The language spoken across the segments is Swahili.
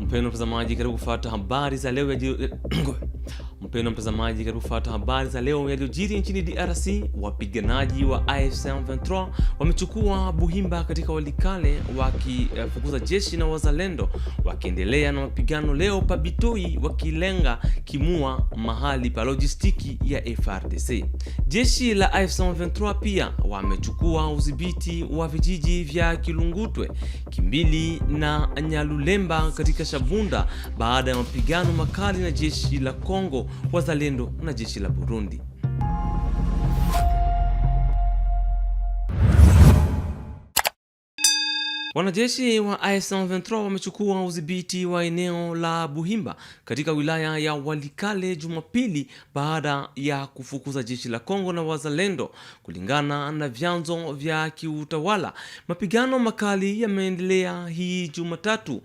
mpendo mtazamaji, karibu kufuata habari za leo ya Mpendwa mtazamaji, karibu kufuata habari za leo yaliyojiri nchini DRC. Wapiganaji wa AFC M23 wamechukua Buhimba katika Walikale wakifukuza jeshi na wazalendo, wakiendelea na mapigano leo Pabitoi, wakilenga Kimua, mahali pa lojistiki ya frdc Jeshi la AFC M23 pia wamechukua udhibiti wa vijiji vya Kilungutwe, Kimbili na Nyalulemba katika Shabunda baada ya mapigano makali na jeshi la Kongo wazalendo na jeshi la Burundi. Wanajeshi wa M23 wamechukua udhibiti wa eneo la Buhimba katika wilaya ya Walikale Jumapili baada ya kufukuza jeshi la Kongo na wazalendo. Kulingana na vyanzo vya kiutawala, mapigano makali yameendelea hii Jumatatu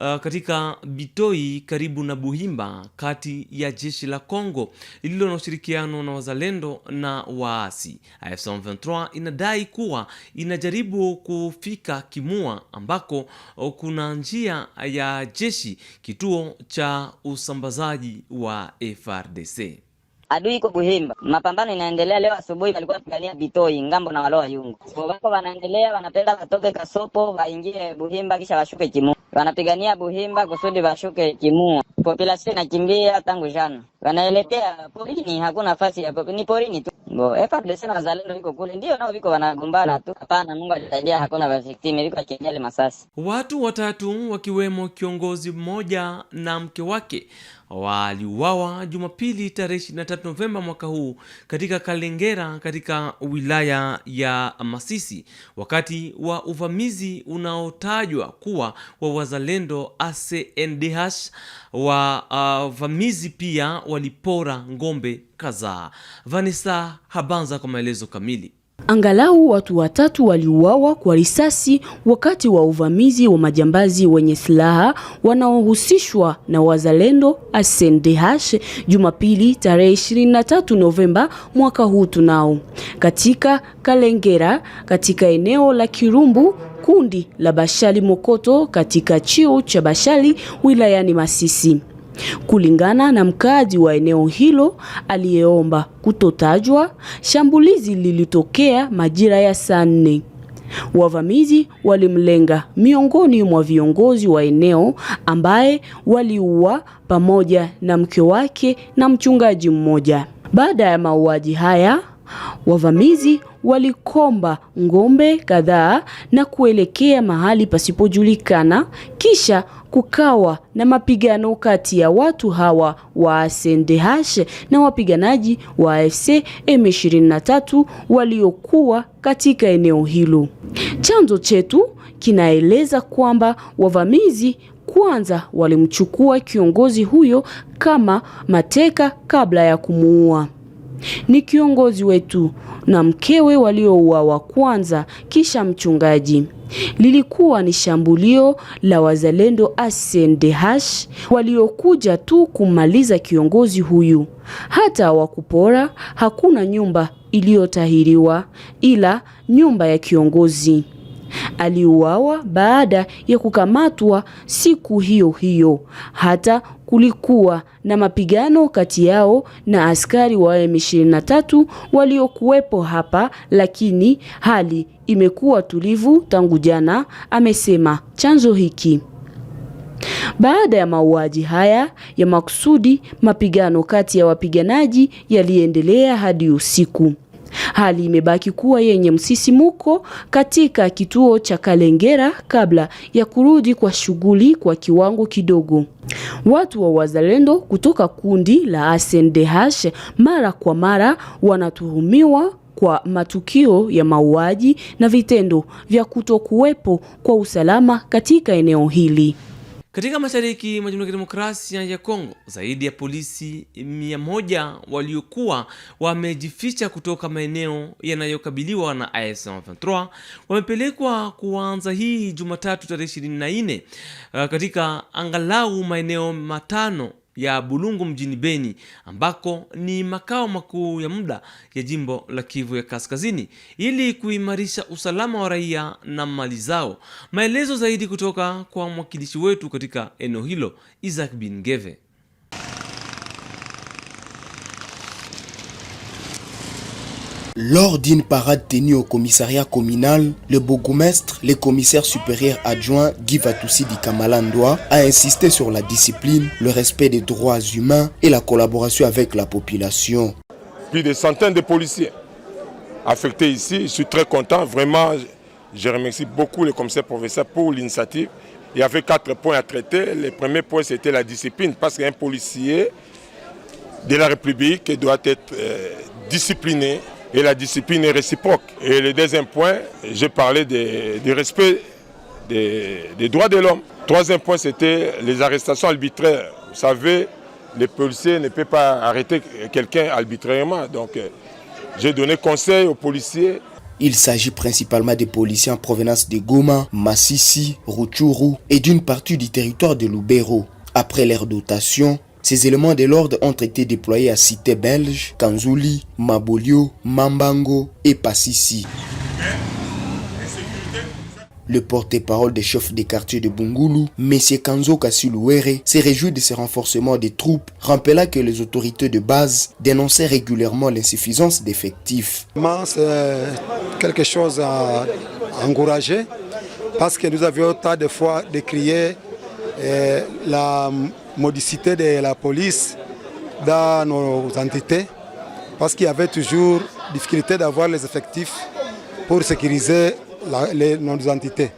Uh, katika Bitoi karibu na Buhimba kati ya jeshi la Kongo lililo na ushirikiano na wazalendo na waasi. AFC M23 inadai kuwa inajaribu kufika Kimua ambako uh, kuna njia ya jeshi, kituo cha usambazaji wa frdc Adui iko Buhimba, mapambano inaendelea. Leo asubuhi walikuwa wanapigania Bitoi ngambo na waloa yungu, wako wanaendelea, wanapenda watoke Kasopo waingie Buhimba kisha washuke Kimua wanapigania Buhimba kusudi washuke Kimua. Populasi inakimbia tangu jana, wanaelekea porini, hakuna nafasi ya ni porini tu. Bo FARDC na wazalendo iko kule, ndio nao viko wanagombana tu. Hapana, Mungu alisaidia, hakuna vaviktime, viko akienjali masasi. Watu watatu wakiwemo kiongozi mmoja na mke wake waliuawa Jumapili tarehe 23 Novemba mwaka huu katika Kalengera katika wilaya ya Masisi wakati wa uvamizi unaotajwa kuwa wa wazalendo ACNDH. Wavamizi uh, pia walipora ng'ombe kadhaa. Vanessa Habanza kwa maelezo kamili. Angalau watu watatu waliuawa kwa risasi wakati wa uvamizi wa majambazi wenye silaha wanaohusishwa na wazalendo sndh Jumapili tarehe 23 Novemba mwaka huu tunao katika Kalengera katika eneo la Kirumbu kundi la Bashali Mokoto katika chio cha Bashali wilayani Masisi. Kulingana na mkaaji wa eneo hilo aliyeomba kutotajwa, shambulizi lilitokea majira ya saa nne. Wavamizi walimlenga miongoni mwa viongozi wa eneo ambaye waliua pamoja na mke wake na mchungaji mmoja. Baada ya mauaji haya, wavamizi walikomba ng'ombe kadhaa na kuelekea mahali pasipojulikana, kisha kukawa na mapigano kati ya watu hawa wa SNDH na wapiganaji wa AFC M23 waliokuwa katika eneo hilo. Chanzo chetu kinaeleza kwamba wavamizi kwanza walimchukua kiongozi huyo kama mateka kabla ya kumuua ni kiongozi wetu na mkewe waliouawa kwanza, kisha mchungaji. Lilikuwa ni shambulio la wazalendo ACNDH waliokuja tu kumaliza kiongozi huyu. Hata wakupora, hakuna nyumba iliyotahiriwa ila nyumba ya kiongozi. Aliuawa baada ya kukamatwa siku hiyo hiyo. Hata kulikuwa na mapigano kati yao na askari wa M23 waliokuwepo hapa, lakini hali imekuwa tulivu tangu jana, amesema chanzo hiki. Baada ya mauaji haya ya makusudi, mapigano kati ya wapiganaji yaliendelea hadi usiku. Hali imebaki kuwa yenye msisimuko katika kituo cha Kalengera kabla ya kurudi kwa shughuli kwa kiwango kidogo. Watu wa wazalendo kutoka kundi la SNDH mara kwa mara wanatuhumiwa kwa matukio ya mauaji na vitendo vya kutokuwepo kwa usalama katika eneo hili. Katika mashariki mwa Jamhuri ya Kidemokrasia ya Kongo, zaidi ya polisi mia moja waliokuwa wamejificha kutoka maeneo yanayokabiliwa na AFC 23 wamepelekwa kuanza hii Jumatatu tarehe 24 eh, katika angalau maeneo matano ya Bulungu mjini Beni ambako ni makao makuu ya muda ya jimbo la Kivu ya Kaskazini ili kuimarisha usalama wa raia na mali zao. Maelezo zaidi kutoka kwa mwakilishi wetu katika eneo hilo Isaac Bingeve. Lors d'une parade tenue au commissariat communal, le bourgmestre, le commissaire supérieur adjoint Guy Vatoussi di a insisté sur la discipline, le respect des droits humains et la collaboration avec la population. Plus de centaines de policiers affectés ici, je suis très content, vraiment je remercie beaucoup le commissaire professeur pour l'initiative. Il y avait quatre points à traiter. Le premier point, c'était la discipline, parce qu'un policier de la République doit être euh, discipliné et la discipline est réciproque. Et le deuxième point, j'ai parlé du respect des, droits de l'homme. Troisième point, c'était les arrestations arbitraires. Vous savez, les policiers ne peuvent pas arrêter quelqu'un arbitrairement. Donc, euh, j'ai donné conseil aux policiers il s'agit principalement des policiers en provenance de Goma, Massissi, Rutshuru et d'une partie du territoire de Lubero. Après leur dotation, ces éléments de l'ordre ont été déployés à Cité Belge, Kanzouli, Mabolio, Mambango et Passissi. Le porte-parole des chefs des quartiers de Bungulu, M. Kanzo Kassilouere, s'est réjoui de ces renforcements des troupes, rappelant que les autorités de base dénonçaient régulièrement l'insuffisance d'effectifs. C'est quelque chose à encourager parce que nous avions tant de fois décrié eh, la modicité de la police dans nos entités, parce qu'il y avait toujours difficulté d'avoir les effectifs pour sécuriser les, nos entités.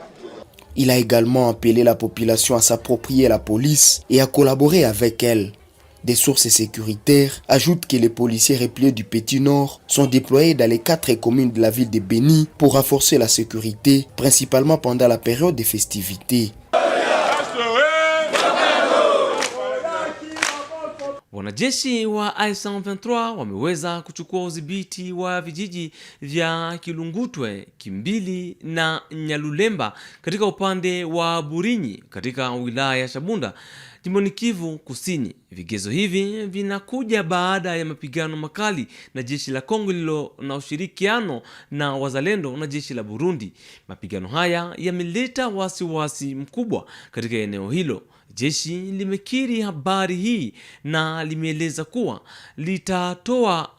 Il a également appelé la population à s'approprier la police et à collaborer avec elle. Des sources sécuritaires ajoutent que les policiers répliés du Petit Nord sont déployés dans les quatre communes de la ville de Béni pour renforcer la sécurité, principalement pendant la période des festivités. Wanajeshi wa M23 wameweza kuchukua udhibiti wa vijiji vya Kilungutwe, Kimbili na Nyalulemba katika upande wa Burinyi katika wilaya ya Shabunda jimboni Kivu Kusini. Vigezo hivi vinakuja baada ya mapigano makali na jeshi la Kongo lilo na ushirikiano na wazalendo na jeshi la Burundi. Mapigano haya yameleta wasiwasi mkubwa katika eneo hilo. Jeshi limekiri habari hii na limeeleza kuwa litatoa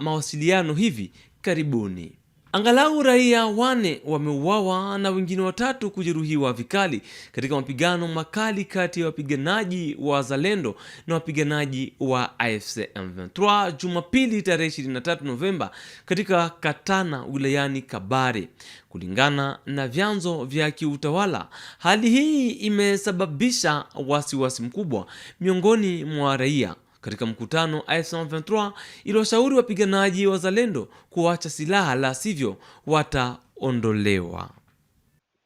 mawasiliano hivi karibuni. Angalau raia wane wameuawa na wengine watatu kujeruhiwa vikali katika mapigano makali kati ya wapiganaji wa Wazalendo na wapiganaji wa AFC M23 Jumapili tarehe 23 Novemba katika Katana wilayani Kabare. Kulingana na vyanzo vya kiutawala, hali hii imesababisha wasiwasi mkubwa miongoni mwa raia katika mkutano M23 iliwashauri wapiganaji wazalendo kuacha silaha, la sivyo wataondolewa.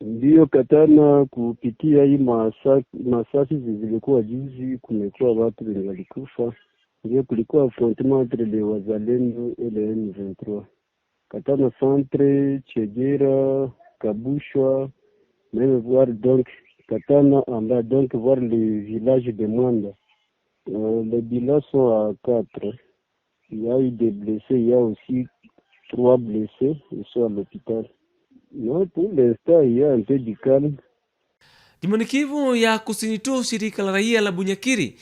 Ndiyo katana kupitia hii masasi, masasi zilikuwa juzi, kumekuwa watu wenye walikufa. Ndiyo kulikuwa affrontement entre le wazalendo et M23 katana centre Chegera Kabushwa meme voir donc katana amba donc voir le village de Mwanda Euh, les bilans sont à 4. Il y a eu des blessés, il y a aussi trois blessés, ils sont à l'hôpital. Non, pour l'instant, il y a un peu du calme. Jimboni Kivu ya Kusini tu shirika la raia la Bunyakiri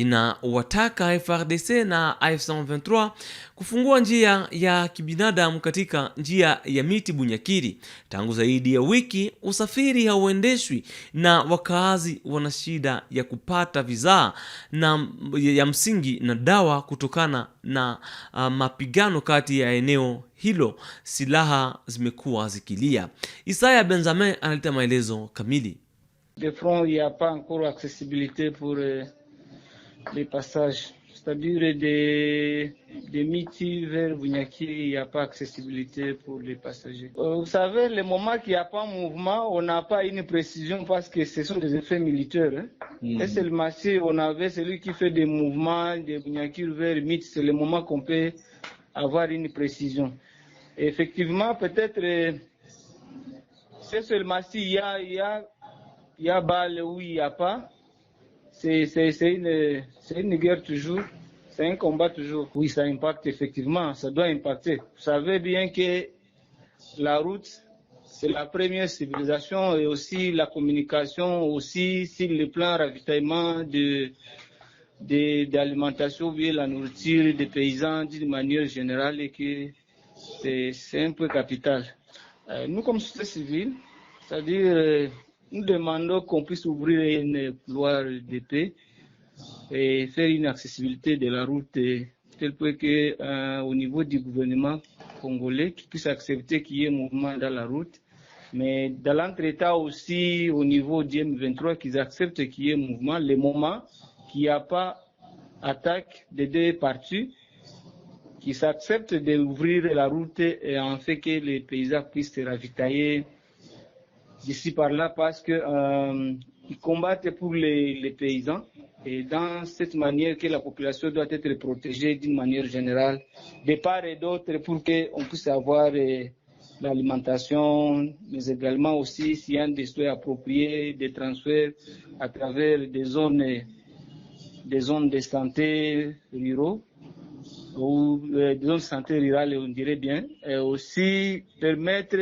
inawataka frdc na AF-M23 kufungua njia ya kibinadamu katika njia ya miti Bunyakiri. Tangu zaidi ya wiki, usafiri hauendeshwi na wakaazi wana shida ya kupata vizaa na ya msingi na dawa kutokana na uh, mapigano kati ya eneo hilo, silaha zimekuwa zikilia. Isaya Benjamin analeta maelezo kamili. De front, y a pas encore accessibilité pour, euh, les passages. C'est-à-dire des, des Miti vers Bunyaki, il n'y a pas accessibilité pour les passagers. Euh, vous savez, le moment qu'il n'y a pas mouvement, on n'a pas une précision parce que ce sont des effets militaires. Hein. Mmh. Et seulement si on avait celui qui fait des mouvements de Bunyaki vers Miti, c'est le moment qu'on peut avoir une précision. effectivement, peut-être, euh, c'est seulement s'il y a, il y a, y a balle ou il n'y a pas c'est une, une, guerre toujours, c'est un combat toujours. Oui, ça impacte effectivement, ça doit impacter. Vous savez bien que la route, c'est la première civilisation et aussi la communication, aussi sur le plan ravitaillement de d'alimentation bien la nourriture des paysans d'une manière générale et que c'est un peu capital. Euh, nous, comme société civile, c'est-à-dire euh, nous demandons qu'on puisse ouvrir une loi paix et faire une accessibilité de la route tel que euh, au niveau du gouvernement congolais qui puissent accepter qu'il y ait mouvement dans la route mais dans l'entre-État aussi au niveau du M23 qu'ils acceptent qu'il y ait mouvement le moment qu'il n'y a pas attaque des deux parties qu'ils acceptent d'ouvrir la route et en fait que les paysans puissent se ravitailler d'ici par là parce que euh, ils combattent pour les, les, paysans et dans cette manière que la population doit être protégée d'une manière générale, de part et d'autre, pour qu'on puisse avoir euh, l'alimentation, mais également aussi s'il y a un destin approprié, des transferts à travers des zones, des zones de santé ruraux ou euh, des zones de santé rurales, on dirait bien, et aussi permettre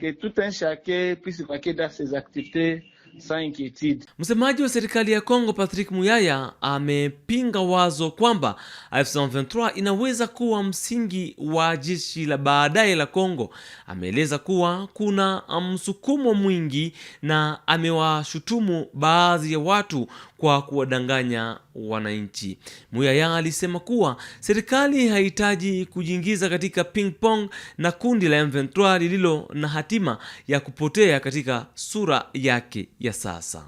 que tout un chacun puisse vaquer dans ses activités sans inquiétude. Msemaji wa serikali ya Kongo Patrick Muyaya amepinga wazo kwamba f 23 inaweza kuwa msingi wa jeshi la baadaye la Kongo. Ameeleza kuwa kuna msukumo mwingi na amewashutumu baadhi ya watu kwa kuwadanganya wananchi. Muyaya alisema kuwa serikali haihitaji kujiingiza katika ping pong na kundi la M23 lililo na hatima ya kupotea katika sura yake ya sasa.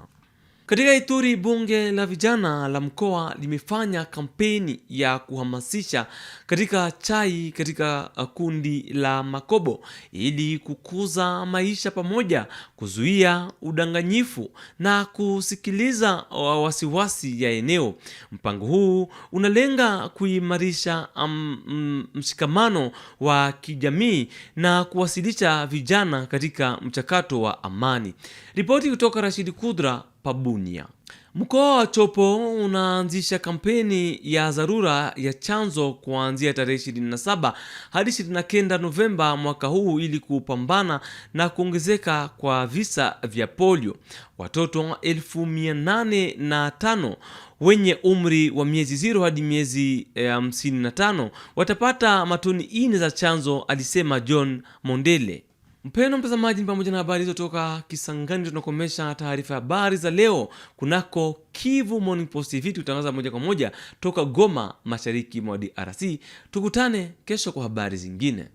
Katika Ituri, bunge la vijana la mkoa limefanya kampeni ya kuhamasisha katika chai katika uh, kundi la Makobo ili kukuza maisha pamoja, kuzuia udanganyifu na kusikiliza uh, wasiwasi ya eneo. Mpango huu unalenga kuimarisha um, mshikamano wa kijamii na kuwasilisha vijana katika mchakato wa amani. Ripoti kutoka Rashid Kudra. Pabunia. Mkoa wa Chopo unaanzisha kampeni ya dharura ya chanzo kuanzia tarehe 27 hadi 29 Novemba mwaka huu ili kupambana na kuongezeka kwa visa vya polio. Watoto elfu mia nane na tano wenye umri wa miezi ziro hadi miezi hamsini na tano watapata matoni ine za chanzo alisema John Mondele mpendo mtazamaji, ni pamoja na habari hizo toka Kisangani. Tunakomesha taarifa ya habari za leo kunako Kivu Morning Post TV, tukitangaza moja kwa moja toka Goma, mashariki mwa DRC. Tukutane kesho kwa habari zingine.